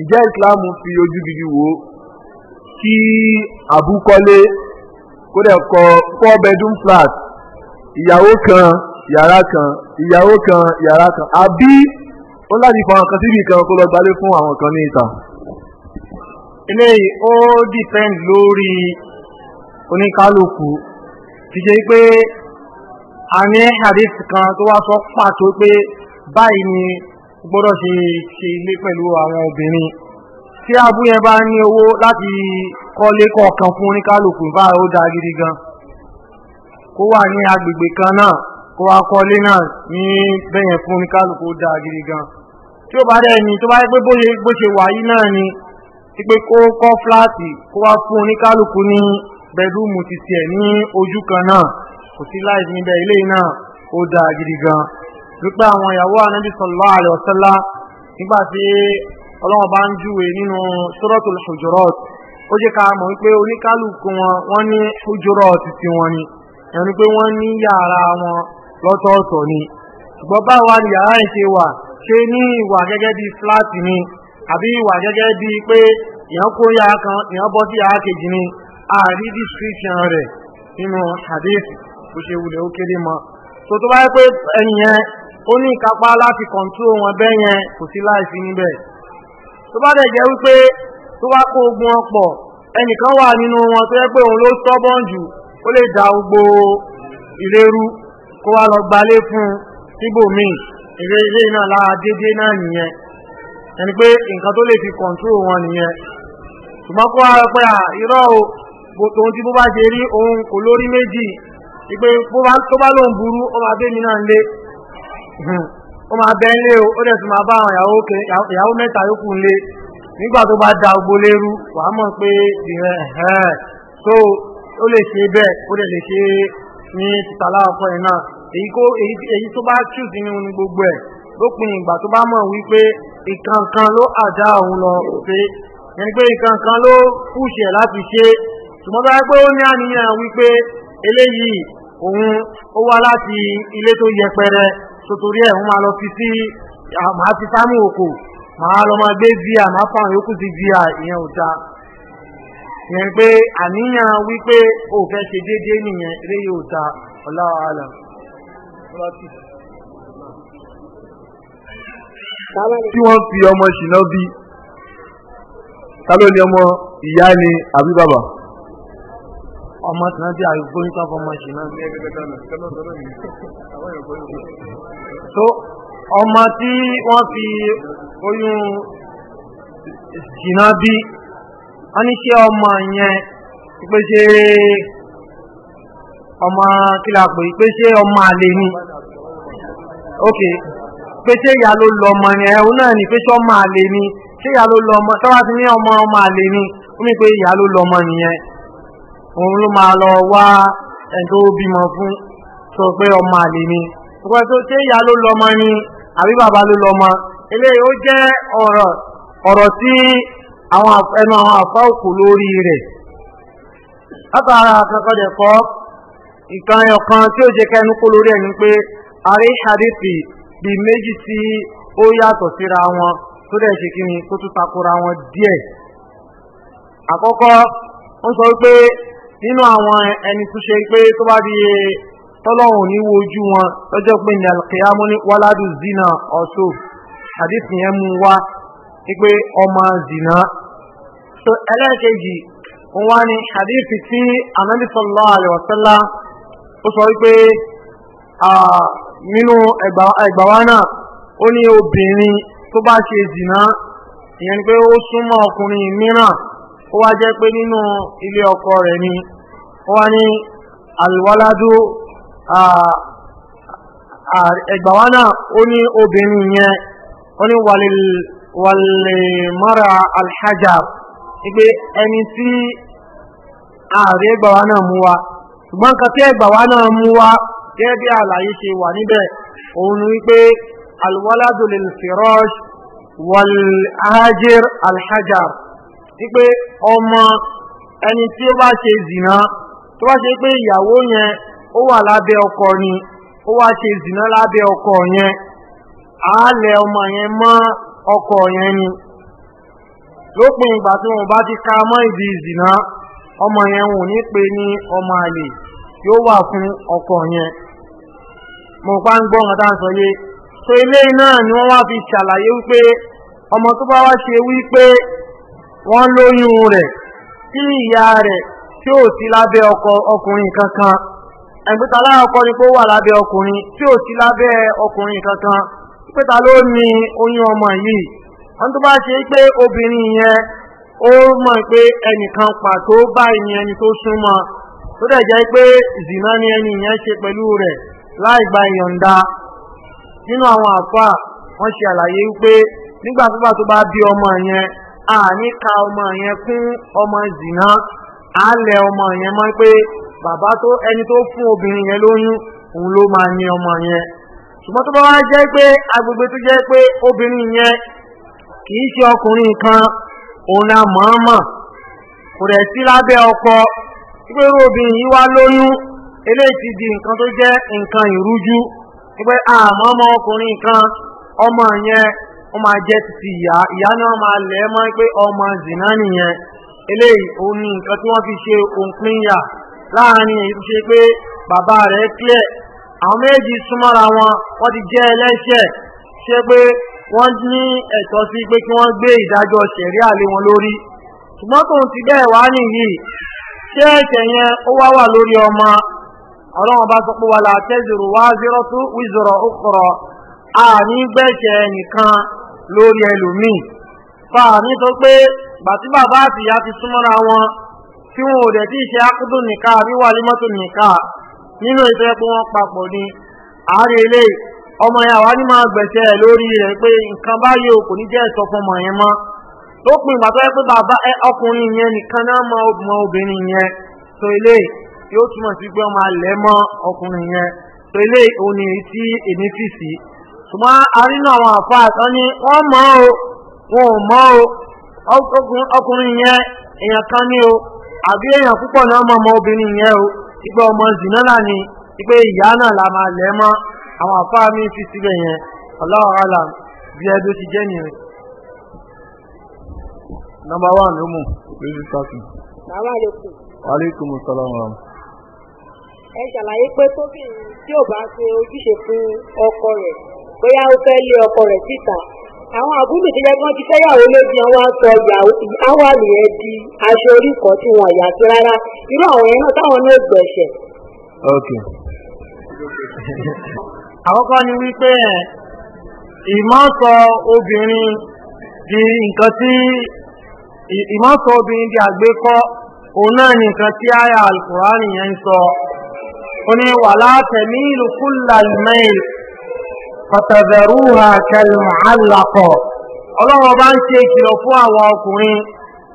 ǹjẹ́ islam fi ojú gidi wò ó kí àbúkọ́lé kó dẹ̀ kọ́ four bedroom flat ìyàwó kan yàrá kan ìyàwó kan yàrá kan àbí ó láti fa àwọn kan síbi kan kó lọ gbalé fún àwọn kan ní ìta. eléyìí ó depend lórí oníkálukú ti ṣe pé a ní hadith kan tó wá sọ pàtó pé báyìí ni gbọ́dọ̀ ṣe ṣe ilé pẹ̀lú àwọn obìnrin tí abú yẹn bá ní owó láti kọ́lé kọ̀ọ̀kan fún oníkálùkù bá ó da gidi gan kó wà ní agbègbè kan náà kó wá kọ́lé náà ní bẹ́yẹn fún oníkálùkù ó da gidi gan tí ó bá dẹ̀ ní tó bá yẹ pé bó ṣe wà yìí náà ni ti pé kó kọ́ fúláàtì kó wá fún oníkálùkù ní bẹ́dúùmù ti tiẹ̀ ní ojú kan náà kò sí láì níbẹ̀ ilé náà ó da gidi gan wípé àwọn ìyàwó ànábì sallallahu alaihi wasallam nígbà tí ọlọ́wọ́n bá ń júwe nínú suratul hujurat ó jẹ́ ká mọ̀ wípé oníkálukú wọn wọ́n ní hujurat ti wọn ni ẹni pé wọ́n ní yàrá wọn lọ́tọ̀ọ̀tọ̀ ni ṣùgbọ́n báwa ni yàrá yìí ṣe wà ṣe ní ìwà gẹ́gẹ́ bí fúláàtì ni àbí ìwà gẹ́gẹ́ bí pé èèyàn kó yàrá kan èèyàn bọ́ sí yàrá kejì ni àrí description rẹ̀ nínú hadith bó ṣe wulẹ̀ ó kéré mọ́ tó tó bá yẹ pé ẹni yẹn ó ní ìkápá láti wọn bẹ́ yẹn kò sí láìsí níbẹ̀ tó bá dẹ̀ jẹ́ wípé tó bá kó ogun ẹnìkan wà nínú wọn tó yẹ pé òun ló tọ́bọ̀n jù ó lè da gbogbo ìlérú kó wá lọ gbalé fún síbòmíì eré ilé náà lára dédé náà nìyẹn ẹni pé nǹkan tó fi kọ̀ǹtú wọn nìyẹn ṣùgbọ́n kó wá pé à irọ́ o ti bó bá ṣe rí òun kò lórí méjì ìpè tó bá lóun Hmm. ó máa bẹ́ ńlé o ó dẹ̀ máa bá àwọn ìyàwó mẹ́ta yókù ńlé nígbà tó bá da ogbó lérú wàá mọ̀ pé ìrẹ̀ ẹ̀hẹ́n so ó lè ṣe bẹ́ẹ̀ ó dẹ̀ lè ṣe ní títà láàpọ̀ ẹ̀ èyí tó bá choose nínú gbogbo ẹ̀ lópin ìgbà tó bá mọ̀ wípé ìkankan ló àdá òun lọ pé ẹni pé ìkankan ló pùṣẹ̀ láti ṣe ṣùgbọ́n bá pé ó ní àníyàn wípé eléyìí òun ó wá láti ilé tó yẹpẹrẹ sotori ẹ̀ wọ́n máa lọ fi sí màá fi sámú òkò màá lọ máa gbé via màá fa àwọn yòókù sí via ìyẹn ò da ìyẹn pé àníyàn wípé o fẹ́ ṣe déédéé nìyẹn eré yóò da ọláwàhálà. tí wọ́n fi ọmọ ṣìnà bí ta ló ní ọmọ ìyá ni àbí bàbá ọmọ tí wọ́n ti àgbóyún tó fọmọ sí náà. so ọmọ tí wọ́n fi oyún jìnnà bí wọ́n ní ṣé ọmọ yẹn pé ṣe ọmọ kílà pé ọmọ àlè ni ok pé ṣe ìyá ló lọ ọmọ ni ẹ̀hún náà ni pé ṣe ọmọ àlè ni ṣe ìyá ló lọ ọmọ tọ́wá ti ní ọmọ ọmọ àlè ni ó mi pé ìyá ló lọ ọmọ nìyẹn òun ló máa lọ wá ẹni tó bímọ fún sọ pé ọmọ àlè ni ọgbà tó ṣe ìyá ló lọmọ ni àbí bàbá ló lọmọ eléyìí ó jẹ́ ọ̀rọ̀ ọ̀rọ̀ tí àwọn ẹnu àwọn àfá òkú lórí rẹ̀ látara kankan dẹ̀kọ́ nǹkan ọ̀kan tí ó jẹ́ kẹnu kó lórí ẹni pé àrí hadithi bí méjì tí ó yàtọ̀ síra wọn tó dẹ̀ ṣe kí ni tó tún takora wọn díẹ̀ àkọ́kọ́ ó sọ pé nínú àwọn ẹni tó ṣe pé tó bá di tọ́lọ́hùn ní wojú wọn lọ́jọ́ pé ní alkiyamu ní wàládù zina ọ̀ṣọ́ àdìsí yẹn mú wá pé ọmọ zina. so ẹlẹ́ẹ̀kejì wọn wá ní àdìsí tí anabi sọlá àlẹ́wọ̀sọ́lá ó sọ wípé nínú ẹgbà wa náà ó ní obìnrin tó bá ṣe zina ìyẹn ni pé ó súnmọ́ ọkùnrin mìíràn ó wá jẹ́ pé nínú ilé ọkọ rẹ̀ ni wọ́n ní alwaladu ẹgbàwá náà ó ní obìnrin yẹn ó ní wàlèmọ́ra alhajar wípé ẹni tí ààrẹ ẹgbàwá náà mú wa ṣùgbọ́n kan tí ẹgbàwá náà mú wa gẹ́gẹ́ bí àlàyé ṣe wà níbẹ̀ òun wípé alwaladu lil firash walhajir alhajar wípé ọmọ ẹni tí ó bá ṣe zìnà tó bá ṣe pé ìyàwó yẹn ó wà lábẹ́ ọkọ ni ó wá ṣe ìzìnà lábẹ́ ọkọ yẹn àálẹ̀ ọmọ yẹn mọ́ ọkọ yẹn ni lópin ìgbà tí wọn bá ti ka mọ́ ìdí ìzìnà yẹn wò ní ní ọkọ yẹn mo pa ń sọ yé so ilé náà ni wọ́n wá fi ṣàlàyé wípé ọmọ tó bá wá ṣe wípé wọ́n lóyún tí ó sí lábẹ́ ọkùnrin kankan ẹgbẹ́ta láàkọ́ ni kó wà lábẹ́ ọkùnrin tí ó sí lábẹ́ ọkùnrin kankan pẹ́ta ló ní oyún ọmọ yìí wọ́n tó bá ṣe pé obìnrin yẹn ó mọ̀ pé ẹnìkan pàtó báyìí ni ẹni tó súnmọ́ tó dẹ̀ jẹ́ pé ni ẹni yẹn ṣe pẹ̀lú rẹ̀ láì gba nínú àwọn àfà wọ́n ṣe àlàyé wípé nígbàkúgbà tó bá ọmọ yẹn ọmọ yẹn ọmọ zina. alẹ ọmọ yẹn mọ́ pé bàbá tó ẹni tó fún obìnrin yẹn lóyún òun ló máa ní ọmọ yẹn ṣùgbọ́n tó bá wá jẹ́ pé agbègbè tó jẹ́ pé obìnrin yẹn kì í ṣe ọkùnrin kan òun náà mọ̀ọ́mọ̀ kò rẹ̀ sí lábẹ́ ọkọ pé obìnrin yìí wá lóyún eléyìí ti di nǹkan tó jẹ́ nǹkan ìrújú pé àmọ́ ọmọ ọkùnrin kan ọmọ yẹn ó máa jẹ́ títí ìyá ìyá náà máa lẹ̀ mọ́ pé ọmọ zìnà nìyẹn eléyìí òun ni nǹkan tí wọ́n fi ṣe òǹpinya láàrin èyí tó ṣe pé bàbá rẹ̀ clear àwọn méjì súnmọ́ra wọn wọ́n ti jẹ́ ẹlẹ́ṣẹ̀ ṣe pé wọ́n ní ẹ̀tọ́ sí pé kí wọ́n gbé ìdájọ́ ṣẹ̀rí àlé wọn lórí ṣùgbọ́n tóun ti bẹ́ẹ̀ wá nìyí ṣé ẹ̀ṣẹ̀ yẹn ó wá wà lórí ọmọ ọlọ́run bá sọ pé wà láà tẹ́zìrò wá zero two wizard okoro àní gbẹ̀ṣẹ̀ nìkan lórí ẹlòmíì fa àní sọ pé gbàtí bàbá àti ìyá ti súnmọ́ra wọn tí wọn ò tí ìṣe ákúdù nìka àbí wà límọ́tò nínú ètò ẹ̀pọ̀ wọn papọ̀ ni ọmọ ya ní máa gbẹ̀sẹ̀ lórí rẹ̀ pé nǹkan báyìí o kò ní jẹ́ ẹ̀sọ́ fún yẹn mọ́ tó pin ìgbà tó yẹ pé bàbá obìnrin yẹn tó ilé yóò túmọ̀ sí pé ọmọ alẹ́ mọ́ ọkùnrin yẹn tó ilé ni tí èmi fì sí ṣùgbọ́n arínú àwọn àfa àtọ́ ni wọ́n mọ́ o ọkùnrin yẹn èèyàn kan ní o àbí èèyàn púpọ̀ náà mọ̀ ọmọ obìnrin yẹn o ìgbà ọmọ zìnà náà ni ìgbà ìyá náà la máa lẹ̀ mọ́ àwọn àfáà mi fi síbẹ̀ yẹn bí ó ti jẹ́ nìyẹn. nọmba ló mú ẹ ṣàlàyé pé tí ò bá ṣe ojúṣe fún ọkọ rẹ̀ bóyá ó fẹ́ lé ọkọ rẹ̀ síta àwọn àbúrò tó yẹ kí wọ́n ti fẹ́yàwó lóbi àwọn aṣọ àwọn àlèyẹ di aṣọ orí kan tí wọ́n yà sí rárá irú àwọn yẹn náà táwọn náà gbẹ̀ṣẹ̀. àkọ́kọ́ ni wípé ìmọ̀ọ́sọ obìnrin di nǹkan tí ìmọ̀ọ́sọ obìnrin di àgbékọ́ òun náà ni nǹkan tí yẹn ń sọ ó ní wàhálà tẹ̀mí ìlú mẹ́rin ọ̀tẹ̀bẹ̀rúhà kẹlùmọ̀álàkọ̀ ọlọ́wọ́ bá ń ṣe ìkìlọ̀ fún àwọn ọkùnrin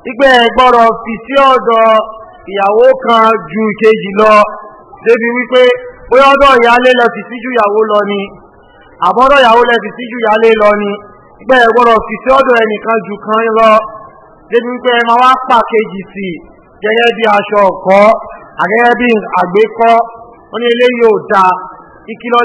wípé gbọ́rọ̀ fi sí ọ̀dọ̀ ìyàwó kan ju kejì lọ débi wípé bóyá ọ̀dọ̀ ìyálé lẹ fi síjú ìyàwó lọ ni àbọ̀dọ̀ ìyàwó lẹ fi síjú ìyálé lọ ni wípé gbọ́rọ̀ fi sí ọ̀dọ̀ ẹnìkan ju kan lọ débi wípé ẹ máa wá pà kejì sí gẹ́gẹ́ bí aṣọ ọ̀kọ́ àgẹ́gẹ́ bí àgbékọ́ wọn ni eléyìí ò dáa ìkìlọ̀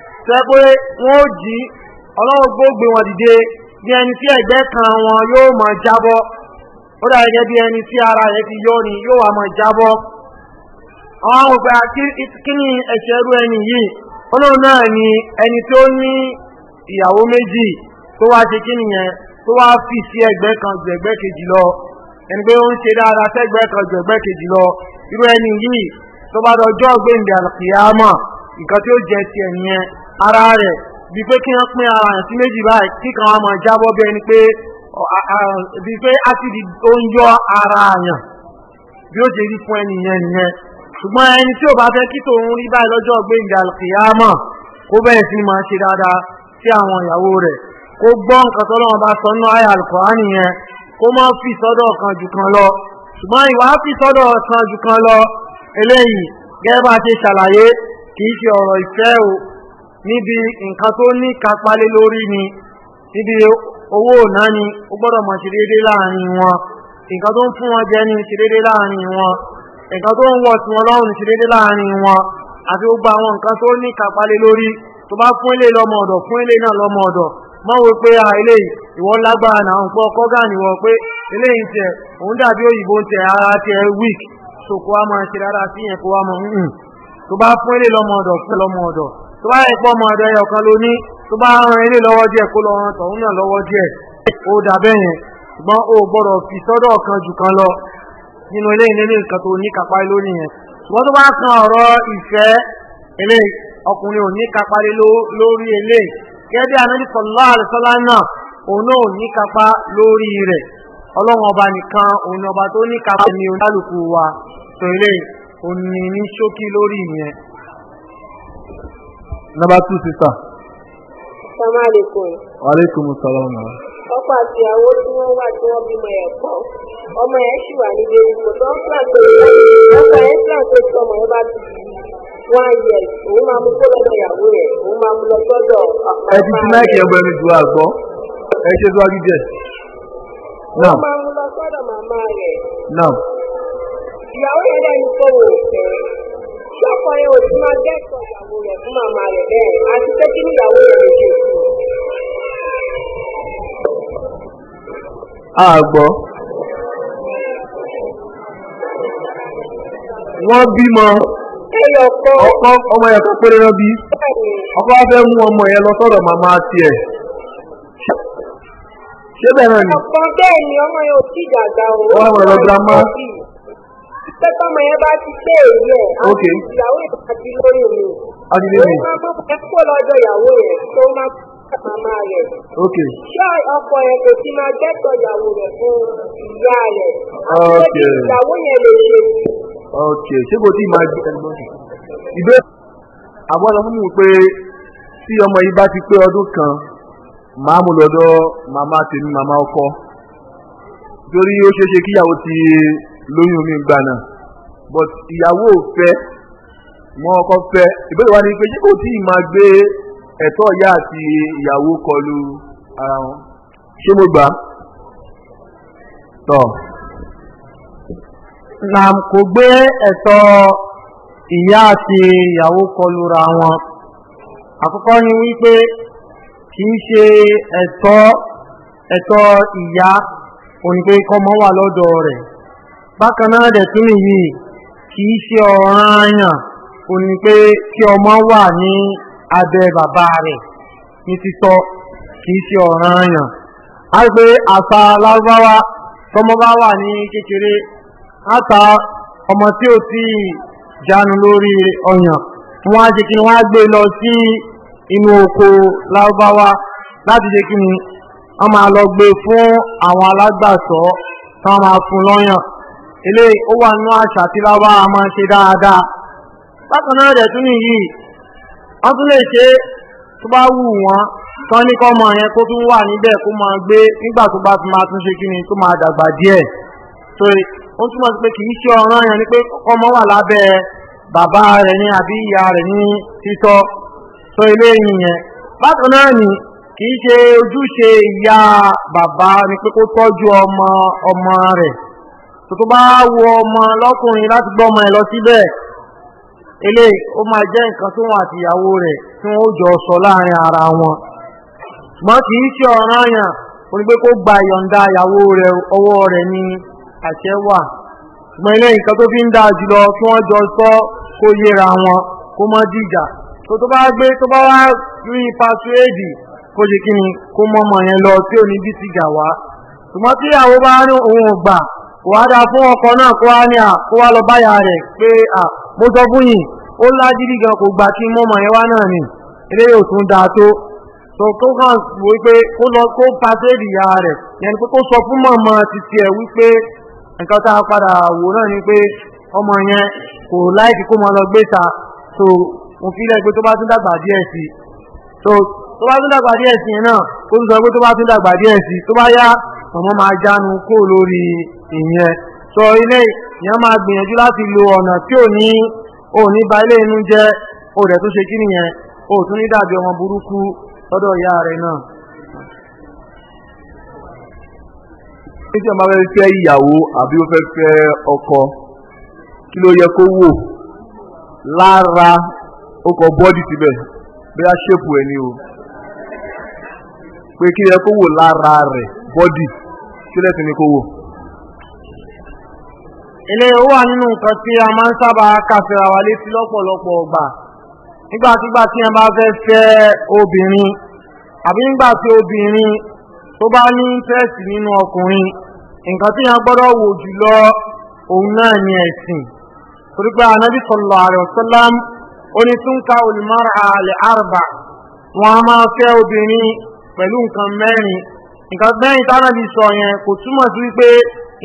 tẹ́ pé wọ́n ó jí ọlọ́wọ́ gbógbé wọn dìde bí ẹni tí ẹ̀gbẹ́ kan wọn yóò máa jábọ́ ó dà gẹ́gẹ́ bí ẹni tí ara rẹ̀ ti yọ ni yóò wà máa jábọ́ àwọn ògbà kí ni ẹ̀ṣẹ̀ rú ẹni yìí ọlọ́run náà ni ẹni tó ní ìyàwó méjì tó wá ṣe kí nìyẹn tó wá fi sí ẹgbẹ́ kan ju ẹgbẹ́ kejì lọ ẹni pé ó ń ṣe dáadáa sẹ́gbẹ́ kan ju ẹgbẹ́ kejì lọ irú ẹni yìí tó bá dọjọ́ gbẹ̀ǹdẹ̀ àlùkìyàmọ̀ nǹkan tí ó jẹ tiẹ̀ nìyẹn ara rẹ̀ bí pé kí wọ́n pín ara rẹ̀ sí méjì báyìí kí kan wọ́n máa jábọ́ bí ẹni pé bí pé ásìdì ó ń yọ ara àyàn bí ó ṣe rí fún ẹnìyẹn nìyẹn ṣùgbọ́n ẹni tí ò bá fẹ́ kí tòun rí báyìí lọ́jọ́ gbẹ̀ngà kìyàmọ̀ kó bẹ̀rẹ̀ sí máa ṣe dáadáa sí àwọn ìyàwó rẹ̀ kó gbọ́ nǹkan tọ́lọ́run bá sọ nínú àyà Al-Kùránì yẹn kó níbi nǹkan tó ní kapalé lórí ni níbi owó ọ̀nà ni ó gbọ́dọ̀ mọ̀ sí dédé láàrin wọn nǹkan tó ń fún wọn ní sí dédé láàrin wọn nǹkan tó ń wọ̀ sí wọn lọ́rùn sí dédé láàrin wọn àti gbogbo àwọn nǹkan tó ní lórí tó fún ilé ọ̀dọ̀ fún ilé náà wo pé a, ilé lágbára ń kọ́gà pé ilé yìí tẹ̀ òun dàbí òyìnbó tẹ̀ ara tẹ̀ so rárá sí yẹn kó fún ilé tó bá yẹ pọ́ ọmọ ẹ̀dọ̀ ẹyọ kan ló ní tó bá ran ilé lọ́wọ́ díẹ̀ kó lọ ran tọ̀hún náà lọ́wọ́ díẹ̀ ó dà bẹ́ẹ̀ yẹn ṣùgbọ́n ó gbọ́dọ̀ fi sọ́dọ̀ kan jù kan lọ nínú ilé ìnílé nǹkan tó ní kápá lórí yẹn ṣùgbọ́n tó bá kan ọ̀rọ̀ ìfẹ́ ilé ọkùnrin ò ní kápá lórí ilé gẹ́gẹ́ anájú sọ̀lá àlùsọ́lá náà òun ò Number two, sister. Salamaleykum. Aleykum salaam. Ọkọ àti ìyàwó tí wọ́n wà tí wọ́n bímọ ẹ̀ pọ̀. Ọmọ yẹn sì wà níbi ìgbò tó ń fẹ́ pé ọkọ yẹn sì àpè tí ọmọ yẹn bá ti di one year. Òun máa mú kó lọ́dọ̀ ìyàwó rẹ̀. Òun máa mú lọ sọ́dọ̀ àpá. Ẹ ti ti máa kí ẹgbẹ́ mi dùn àgbọ̀. Ẹ ṣe dúró jíjẹ. Wọ́n máa rẹ̀. Ìyàwó yẹn wò ó fẹ́ kí ọkùnrin ò ti máa gẹ́kọ̀ọ́ ìyàwó rẹ̀ fún màmá rẹ̀ bẹ́ẹ̀ àti pé kí níyàwó rẹ̀ lè a gbọ́ wọ́n bímọ ọkọ ọmọ yẹn tó péré lọ bí ọkọ wa fẹ́ mú ọmọ yẹn lọ sọ́dọ̀ màmá tiẹ̀ ṣé bẹ́ẹ̀ náà ni. ọ̀pọ̀ bẹ́ẹ̀ ni ọmọ yẹn ò tí ì dàgbà o. ọmọ yẹn lọ girama. Tẹ́tọ́ ọmọ yẹn bá ti pé èyí ẹ̀. Ok. Ìyàwó ìbàdí lórí mi. Adìyẹ mi. Ó máa mọ̀ ẹ́ kó lọ́dọ̀ ìyàwó rẹ̀ tó máa màmá rẹ̀. Ok. Ṣé ọkọ yẹn kò sí máa gẹ́tọ̀ ìyàwó rẹ̀ fún ìyá rẹ̀? Ok. Ìyàwó yẹn lè ṣe. Ok. Ṣé kò tí ì máa jẹ́ ẹ̀gbọ́n? Ìbé àwọn ọ̀nà fún mi pé tí ọmọ yìí bá ti pé ọdún kan, màá mú lọ́dọ̀ màmá tèmi màmá ọkọ. Torí ó ṣeé ṣe kíyàwó ti lóyún mi gbà náà but ìyàwó fẹ́ wọn ọkọ fẹ́ ìbéèrè wa ni pé kò tí ì máa gbé ẹ̀tọ́ ìyá àti ìyàwó kọlu ara wọn ṣé mo gbà tọ. na kò gbé ẹ̀tọ́ ìyá àti ìyàwó kọlu ra wọn àkọ́kọ́ ni wípé kì í ṣe ẹ̀tọ́ ẹ̀tọ́ ìyá òní pé wà lọ́dọ̀ rẹ̀ bákan náà dẹ̀ tún nìyí kì í ṣe ayàn ò ní pé kí ọmọ wà ní abẹ́ bàbá rẹ̀ ní títọ́ kì í ṣe ayàn a rí pé àṣà lárúbáwá tọmọ bá wà ní kékeré àtà ọmọ tí ò tí jánu lórí ọyàn wọ́n á kí wọ́n á gbé e oko láti kí ni lọ gbé e fún àwọn tí máa fún ilé ó wà nínú àṣà tí láwá a máa ṣe dáadáa bákan náà rẹ̀ tún nìyí wọ́n tún lè ṣe tó bá wù wọ́n tán ní kọ́mọ yẹn kó tún wà níbẹ̀ kó máa gbé nígbà tó bá tún máa tún ṣe kíni tó máa dàgbà díẹ̀ ọmọ ó túmọ̀ sí pé kì í ṣe ni pé ọmọ wà lábẹ́ bàbá rẹ̀ ní àbí ìyá rẹ̀ ní títọ́ ilé yìnyẹn bákan náà ọmọ ọmọ rẹ̀ tó tó bá wọ ọmọ lọ́kùnrin láti gbọ́ ọmọ ẹ̀ síbẹ̀ ilé ma máa jẹ́ nǹkan tó wà ti ìyàwó rẹ̀ tí wọ́n jọ sọ láàrin ara wọn mọ́ kì í ṣe ọ̀ràn àyàn onígbé kó gba ìyọ̀ǹda ìyàwó rẹ̀ ọwọ́ rẹ̀ àṣẹ wà ṣùgbọ́n ilé fi ń dáa jùlọ jọ sọ kó yẹra wọn kó mọ́ dìjà tó tó bá gbé tó ni yẹn lọ tí ò ní bí gà wá ṣùgbọ́n tí wàádà fún ọkọ̀ náà kó wá ní àkówá lọ báyà rẹ̀ pé à mo sọ fún yìí ó lájírí gan kò gbà kí mọ́mọ̀ yẹn náà ni ilé yóò tún dáa tó so tó hàn wípé kó lọ kó pàṣẹ́dì ya rẹ̀ yẹn pé kó sọ fún mọ̀mọ́ títí ẹ̀ wípé nǹkan tá a padà wò náà ni pé ọmọ yẹn kò kó lọ gbé tó bá tún dàgbà ọmọ máa jánu kó lórí ìyẹn sọ ilé ìyẹn máa gbìyànjú láti lo ọ̀nà tí ò ní ò ní ba ilé inú jẹ́ ó rẹ̀ tó ṣe kí nìyẹn ó tún ní dàbí ọmọ burúkú lọ́dọ̀ ìyá rẹ̀ náà. níbi ọmọ fẹ́ fẹ́ ìyàwó àbí ó fẹ́ fẹ́ ọkọ kí ló yẹ kó wò lára ọkọ̀ bọ́dì síbẹ̀ bí a ṣèpù ẹ̀ ni o pé kí ló yẹ kó wò lára rẹ̀ bọ́dì. kílẹ̀ sí ni kó wò ilé ó nínú nǹkan tí a máa ń sábà kàfẹ́ra wa létí lọ́pọ̀lọpọ̀ ọgbà nígbàtígbà tí a bá fẹ́ fẹ́ obìnrin àbí nígbàtí obìnrin tó bá ní íńtẹ́ẹ̀sì nínú ọkùnrin nǹkan a gbọ́dọ̀ wò jùlọ òun náà ni ẹ̀sìn torí pé a máa fẹ́ obìnrin pẹ̀lú nǹkan mẹ́rin nǹkan mẹ́rin tánà bí sọ yẹn kò túmọ̀ sí wípé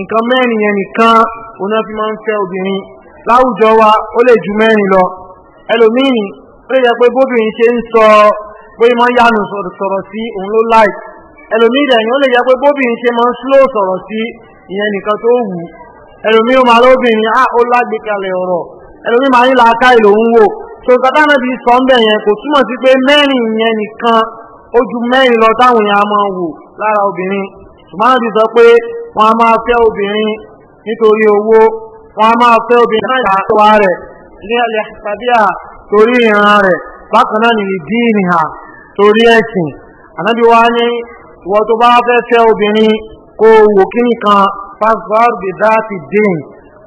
nǹkan mẹ́rin yẹn nìkan oná fi máa ń fẹ́ obìnrin láwùjọ wa ó lè ju mẹ́rin lọ ẹlòmíì ó lè jẹ́ pé bóbìnrin ṣe ń sọ pé máa ń yánu sọ̀rọ̀ sí òun ló láì ẹlòmíì dẹ̀yìn ó lè jẹ́ pé bóbìnrin ṣe máa ń slow sọ̀rọ̀ sí ìyẹn nìkan tó wù ẹlòmíì ó máa lóbìnrin á ah, ó lágbèkalẹ̀ ọ̀rọ̀ ẹlòmíì máa ń la aká ìlò ń wò tó nǹkan tánà bí sọ ju mẹ́rin lọ táwọn èèyàn lára obìnrin ṣùgbọ́n ti sọ pé wọ́n a máa fẹ́ obìnrin nítorí owó wọ́n a máa fẹ́ obìnrin náà yàtọ̀ rẹ̀ ní ẹ̀lẹ́ tàbí à torí ìran rẹ̀ bákan náà nìyí díìnì hà torí ẹ̀sìn ànábi wa ní ìwọ tó bá fẹ́ fẹ́ obìnrin kó wò kíní kan passport the that day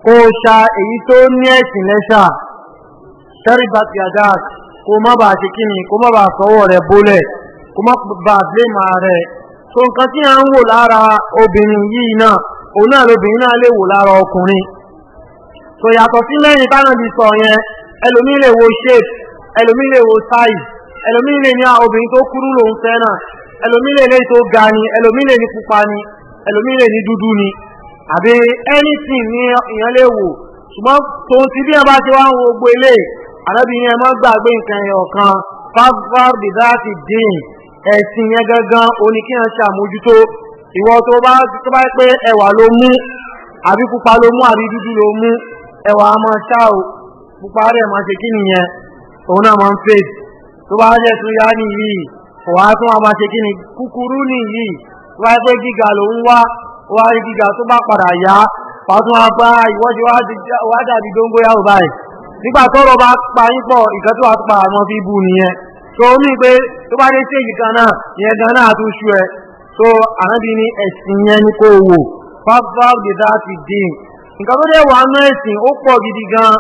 kó ṣa èyí tó ní ẹ̀sìn lẹ́ṣà tẹ́rìbàtì àdáàkì kó má bàa ṣe kíni kó má bàa sọ́wọ́ rẹ̀ bólẹ̀ kó má bàa blé màá rẹ̀ so nǹkan tí a ń wò lára obìnrin yìí náà òun náà lóbìnrin náà lè wò lára ọkùnrin so yàtọ̀ sí lẹ́yìn tánàbí sọ yẹn ẹlòmí lè wo shape ẹlòmí lè wo size ẹlòmí lè ní obìnrin tó kúrú lòun fẹ́ náà ẹlòmí lè léyìí tó ga ni ẹlòmí lè ní pupa ni ẹlòmí lè ní dúdú ni àbí anything ní ìyẹn lè wò ṣùgbọ́n tòun ti bí ẹ bá ti wá ń wo gbogbo eléyìí àdábìyẹn mọ́ gbàgbé nǹkan ẹ̀yọ̀ kan fáfáfá ẹ̀sìn yẹn gangan oníkíyàn ṣàmójútó ìwọ tó bá tó bá pé ẹwà ló mú àbí pupa ló mú àbí dúdú ló mú ẹwà máa ṣá o pupa rẹ̀ máa ṣe kí nìyẹn òun náà máa ń fè tó bá jẹ́ tún yá nìyí tún máa ṣe kí ni kúkúrú nìyí tó bá pé gíga ló ń wá wá rí gíga tó bá padà yá pàtó wá ìwọ́de wá dàbí dóńgóyàwó báyìí nígbà bá pa yín pọ̀ ìkẹ́tọ́ fi nìyẹn so ó ní pé tó bá dé stage kan náà ìyẹn gan ẹ so àrábí ni ẹ̀sìn yẹn ni kò wò fáfáf dè dá ti dín nǹkan tó dẹ̀ wà nú ẹ̀sìn ó pọ̀ gidi gan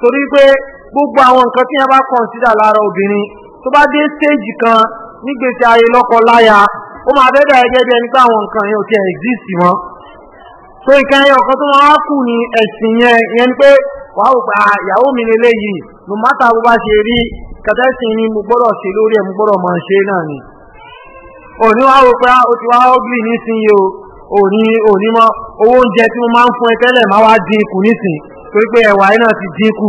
torí pé gbogbo àwọn nǹkan tí yẹn bá kọ̀ǹsídà lára obìnrin tó bá dé stage kan nígbèsè ayé lọ́kọ láya ó máa bẹ́ẹ̀ bẹ́ẹ̀ gẹ́gẹ́ bí àwọn nǹkan yẹn ò ti exist mọ́ so nǹkan yẹn ọ̀kan tó máa kù ní ẹ̀sìn yẹn yẹn ni pé wàá wò pé ah, ìyàwó mi lélẹ́yìí no matter bó bá ṣe rí kàtẹ́sì ni mo gbọ́dọ̀ ṣe lórí ẹ̀ mo máa ṣe náà ni òní wá wò pé ah, ó ti wá ọ́gbì nísìnyí o òní òní mọ́ owó oúnjẹ tí mo máa ń fún ẹ tẹ́lẹ̀ máa wá dín kù nísìn torí pé ẹ̀wà iná ti dín kù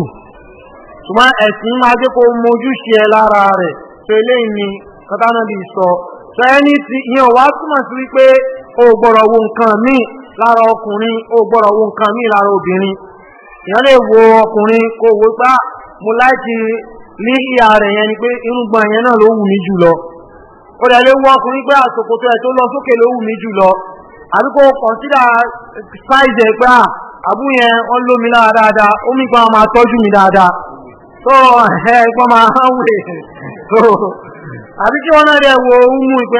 ṣùgbọ́n ẹ̀sìn máa jẹ́ kó mojú ṣe ẹ lára rẹ̀ tó eléyìí ni kọ́tánà bí sọ sọ ẹni tí ìyẹn wá túmọ̀ sí wípé o gbọ́dọ̀ wo nǹkan míì lára ọkùnrin o gbọ́dọ̀ wo nǹkan míì lára obìnrin ìyẹn lè wo ọkùnrin kó wo pé ah, mo láìkí ní ìyá rẹ̀ yẹn ni pé irúgbọ́n ẹ̀yẹn náà ló wù jù lọ ó dẹ̀ lé wọ́n pé àsòkòtò ẹ̀ tó lọ sókè ló wù mí jù lọ àbí kò pé wọ́n ló mi lára dáadáa ó mi máa tọ́jú mi dáadáa tó ẹ̀ gbọ́n máa hàn tó àbí kí wọ́n náà rẹ̀ wo pé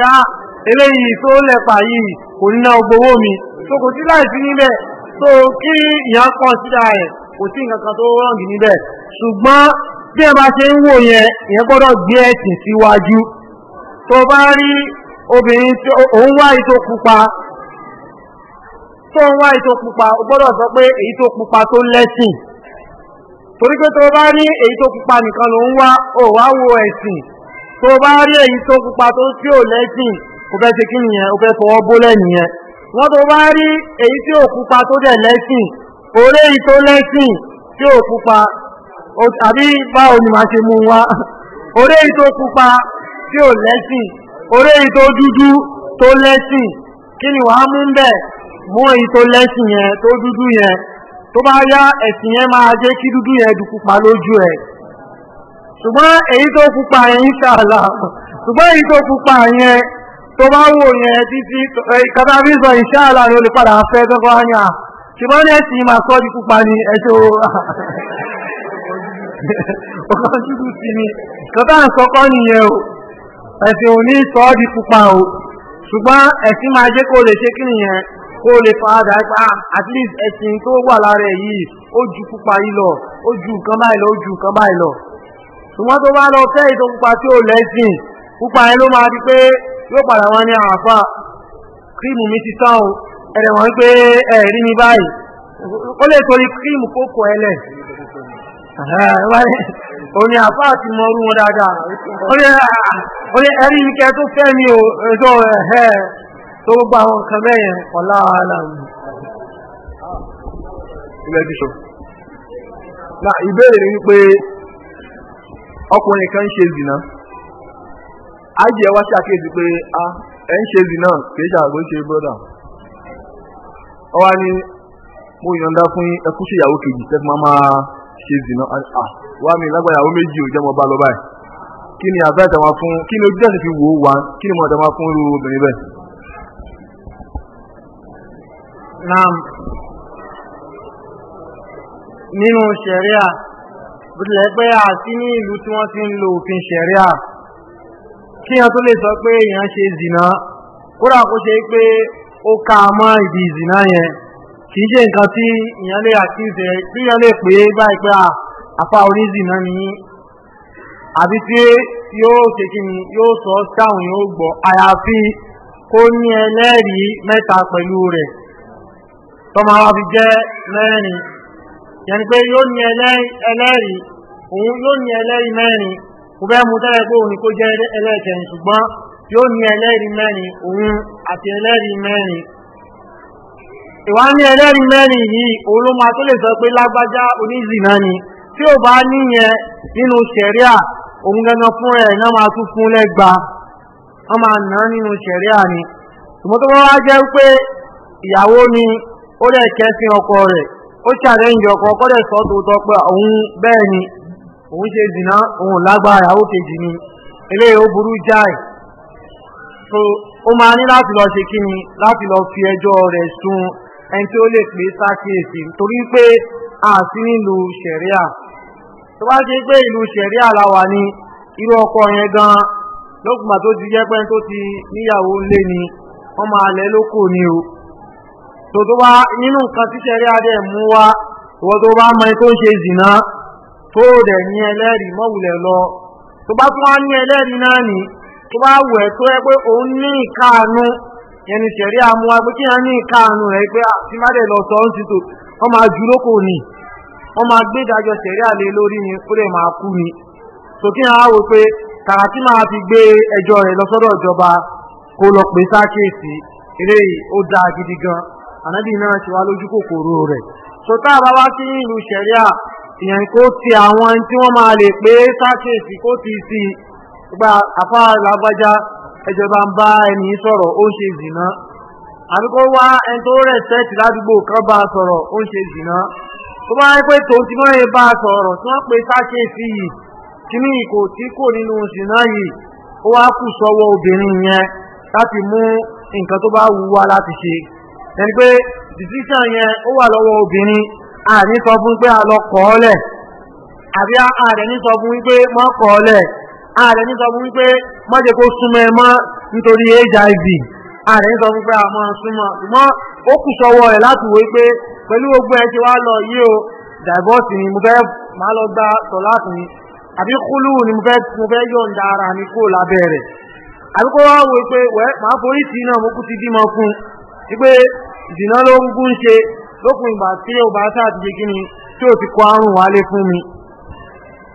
kò ní mi láìsí kò sí nǹkan kan tó bí ẹ bá ṣe ń wò yẹn ìyẹn gbọ́dọ̀ gbé ẹ̀sìn síwájú tó bá rí obìnrin tí òun wá ìtò pupa tó ń wá ìtò pupa o gbọ́dọ̀ sọ pé èyí tó pupa tó lẹ́sìn torí pé tó bá rí èyí tó pupa nìkan ló ń wá ò wá wo ẹ̀sìn tó bá rí èyí tó pupa tó tí ò lẹ́sìn kò fẹ́ ṣe kí nìyẹn o fẹ́ fọwọ́ bólẹ̀ nìyẹn wọ́n tó bá rí èyí tí ò pupa tó dẹ̀ lẹ́sìn òré èyí tó lẹ́sìn tí ò pupa àbí báwo ni màá ṣe mú wa oré yìí tó kúpa tí ò lẹ́sìn oré èyí tó dúdú tó lẹ́sìn kí ni á mú bẹ́ẹ̀ mú èyí tó lẹ́sìn yẹn tó dúdú yẹn tó bá yá ẹ̀sìn yẹn máa jẹ́ kí dúdú yẹn du pupa lójú ẹ̀ ṣùgbọ́n èyí tó kúpa yẹn ń ṣàlà ṣùgbọ́n èyí tó kúpa yẹn tó bá wò yẹn títí kàtà bí sọ ìṣàlà ni olùpadà fẹ́ tó kọ́ ọ́nyà ṣùgbọ́n ẹ̀sìn máa sọ́ di pupa ni ẹ̀ṣẹ́ ọkàn dúdú sí ni kọ́tà ń nìyẹn o ẹ̀sìn ò ní sọ di pupa o ṣùgbọ́n ẹ̀sìn máa jẹ́ kó lè ṣe kí nìyẹn kó lè fàádà pa ah, at least ẹ̀sìn tó wà lára ẹ̀ yìí ó ju pupa yìí lọ ó ju nǹkan báyìí lọ ó ju nǹkan báyìí lọ ṣùgbọ́n tó bá lọ fẹ́ ètò pupa tí ó lẹ́sìn pupa yẹn ló máa di pé yóò padà wọn ní ah, àáfà kírìmù mi ti tán o ẹ̀rẹ̀ wọ́n pé ẹ̀rí eh, mi báyìí ó lè torí kírìmù kókò ẹlẹ̀ òní àpá àti mọ orú wọn dáadáa ó lè ah, ẹ̀rí ìkẹ́ tó fẹ́ mi ò ẹjọ́ ẹ̀hẹ́ na ìbéèrè ni wípé ọkùnrin kan ń ṣe a ajẹ́ wá pe a go ni mo ṣe zina à ah, ah, wá mi lágbára àwọn méjì ò jẹ́ mo bá lọ báyìí kí ni àbẹ́ àtàwọn fún kí ni ojú àti fi wò ó wá kí ni mo àtàwọn fún irú obìnrin bẹ́ẹ̀. naam nínú ṣẹ̀ríà bó tilẹ̀ pé àti ní ìlú tí wọ́n ti ń lo òfin ṣẹ̀ríà kí èèyàn tó lè sọ pé èèyàn ṣe zina kódà kó ṣe pé ó ká a mọ́ ìdí zina yẹn kì í ṣe nǹkan tí ìyàn lè àkíyèsí tí ìyàn lè pè é báyìí pé apá oríṣi náà nìyí àbí tí yóò ṣe kí ni yóò sọ táwọn yóò gbọ́ àyàfi kó ní ẹlẹ́rìí mẹ́ta pẹ̀lú rẹ̀ tọ́mọ wa fi jẹ́ mẹ́rin yẹni pé yóò ní ẹlẹ́rìí òun yóò ní ẹlẹ́rìí mẹ́rin kò bẹ́ẹ̀ mú tẹ́lẹ̀ pé òun kó jẹ́ ẹlẹ́ẹ̀kẹrin ṣùgbọ́n yóò ní ẹlẹ́rìí mẹ́rin òun àti ẹlẹ́rìí mẹ́rin ìwà ní ẹlẹ́rìí mẹ́rin yìí òun ló tó lè sọ pé lágbájá onízìnà ni tí ò bá níyẹn nínú ṣẹ̀ríà òun gangan fún ẹ̀ náà máa tún fún lẹ́gba wọ́n máa nà án nínú ni ṣùgbọ́n tó jẹ́ pé ìyàwó ni ẹni tí ó lè pè sákìyèsí torí pé àti nílùú ṣẹ̀ríà tó bá ṣe pé ìlú ṣẹ̀ríà la wà ní irú ọkọ yẹn gan lókùnbà tó ti jẹ́ pé tó ti níyàwó lé ni wọ́n máa lẹ́ lóko ni o tó tó bá nínú nǹkan tí ṣẹ̀ríà dẹ̀ mú wá ìwọ́n tó bá mọ tó ń ṣe zìnà tó dẹ̀ ní ẹlẹ́rìí mọ́wùlẹ̀ lọ tó bá tún wá ní ẹlẹ́rìí náà ni tó bá wẹ̀ tó yẹ pé òun ní ìkáàánú ẹni ṣẹ̀rí àmúwa pé ya á ní ìkáàánú rẹ̀ pé àti ah, lọ sọ ń títò wọ́n máa wọ́n máa gbé ìdájọ́ àlè lórí kú ni so kí á wò pé kàrà tí máa fi gbé ẹjọ́ rẹ̀ lọ ìjọba kó lọ eré ó da gidi gan ànábì náà wá lójú kòkòrò so tá a bá wá sí ìlú ti àwọn tí wọ́n máa lè pé kó gba àfáà lágbájá ẹjọ́ bá ń bá ẹni sọ̀rọ̀ ó ń ṣe zìnà àbíkó wá ẹni tó rẹ̀ sẹ́ẹ̀tì ládùúgbò kan bá a sọ̀rọ̀ ó ń ṣe zìnà tó bá yẹ pé tòun ti mọ́rin bá a sọ̀rọ̀ tí wọ́n pe sáṣẹ́sì yìí kíní kò tí kò nínú zìnà yìí ó wá kù sọ́wọ́ obìnrin yẹn láti mú nǹkan tó bá wù wá láti ṣe ẹni pé decision yẹn ó wà lọ́wọ́ obìnrin àní sọ fún pé a kọ́ ọ́lẹ̀ àbí àrẹ̀ ní sọ fún wípé mọ́ kọ́ ọ́lẹ̀ ààrẹ ní sọ fún wípé mọ́jẹ́ kó súnmọ́ ẹ mọ́ nítorí hiv ààrẹ ní sọ fún pé àmọ́ súnmọ́ ṣùgbọ́n ó kù sọ́wọ́ rẹ̀ láti wò pé pẹ̀lú ogun ẹ ti wá lọ yí o divorce ni mo fẹ́ máa lọ gba sọ láti ni àbí kúlù ni mo fẹ́ yọ̀ǹda ara mi kó lábẹ́ rẹ̀ àbí kó wá wò pé wẹ́ máa forí sí náà mo kú ti bímọ fún un pé ìdìná ló ń gún ṣe lókun ìgbà tí ò bá sáà ti jẹ kí ni tí ò ti kọ àrùn wálé fún mi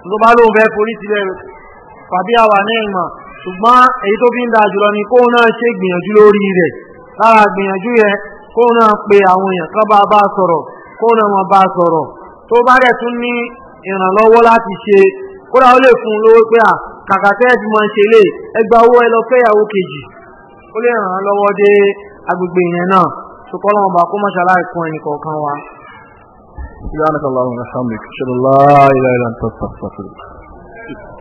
tó bá lóun fẹ́ forí sílẹ̀ tàbí awa náà ìmọ̀ ṣùgbọ́n èyí tó fi ń da jùlọ ni kóun náà ṣe gbìyànjú lórí rẹ̀ lára gbìyànjú yẹn náà pe àwọn èèyàn kan bá bá sọ̀rọ̀ kóun náà wọn bá sọ̀rọ̀ tó bá dẹ̀ tún ní ìrànlọ́wọ́ láti ṣe kódà ó lè fún un lówó pé kàkà tẹ́ ẹ ti máa ṣe lè ẹgbà owó ẹ lọ fẹ́yàwó kejì ó lè ràn án lọ́wọ́ dé agbègbè yẹn náà ṣùkọ́ lọ́wọ́ bá kó ẹnì kọ̀ọ̀kan wa.